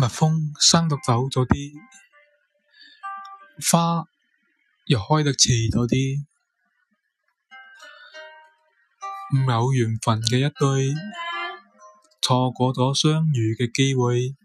蜜蜂生得早咗啲，花又開得遲咗啲，唔有緣分嘅一對，錯過咗相遇嘅機會。